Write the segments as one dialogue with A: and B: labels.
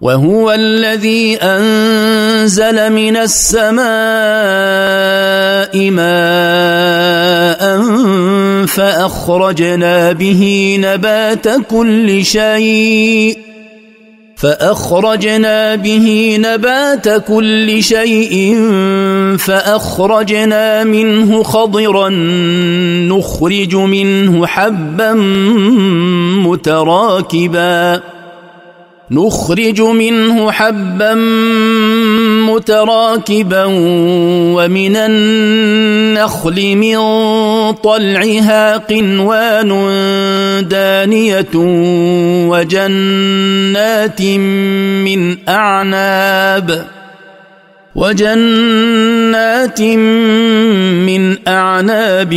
A: وهو الذي انزل من السماء ماء فاخرجنا به نبات كل شيء فاخرجنا به نبات كل شيء فاخرجنا منه خضرا نخرج منه حبا متراكبا نخرج منه حبا متراكبا ومن النخل من طلعها قنوان دانيه وجنات من اعناب وجنات جنات من اعناب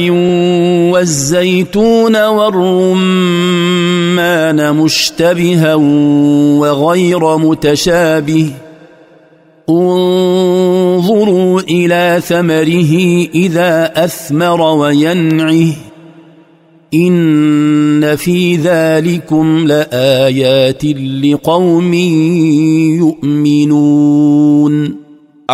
A: والزيتون والرمان مشتبها وغير متشابه انظروا الى ثمره اذا اثمر وينعه ان في ذلكم لايات لقوم يؤمنون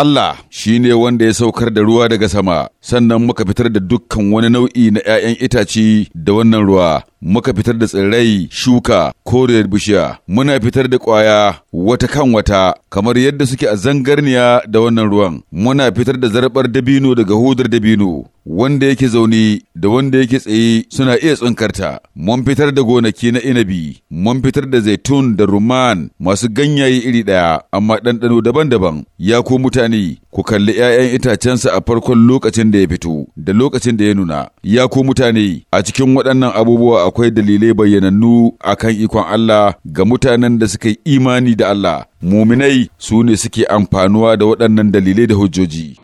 B: Allah shi ne wanda ya saukar da ruwa daga sama sannan muka fitar da dukkan wani nau'i na ‘ya'yan itace da wannan ruwa, muka fitar da tsirrai, shuka, koriyar bishiya, muna fitar da ƙwaya wata kan wata, kamar yadda suke a zangarniya da wannan ruwan, muna fitar da zarbar dabino daga hudar dabino, wanda yake zaune da wanda yake tsaye suna iya tsinkarta mun fitar da gonaki na inabi mun fitar da zaitun da ruman masu ganyaye iri ɗaya amma ɗanɗano daban-daban ya ku mutane ku kalli 'ya'yan itacensa a farkon lokacin da da ya fito da lokacin da ya nuna ya ko mutane a cikin waɗannan abubuwa akwai dalilai bayyanannu a kan ikon Allah ga mutanen da suka yi imani da Allah muminai su ne suke amfanuwa da waɗannan dalilai da hujjoji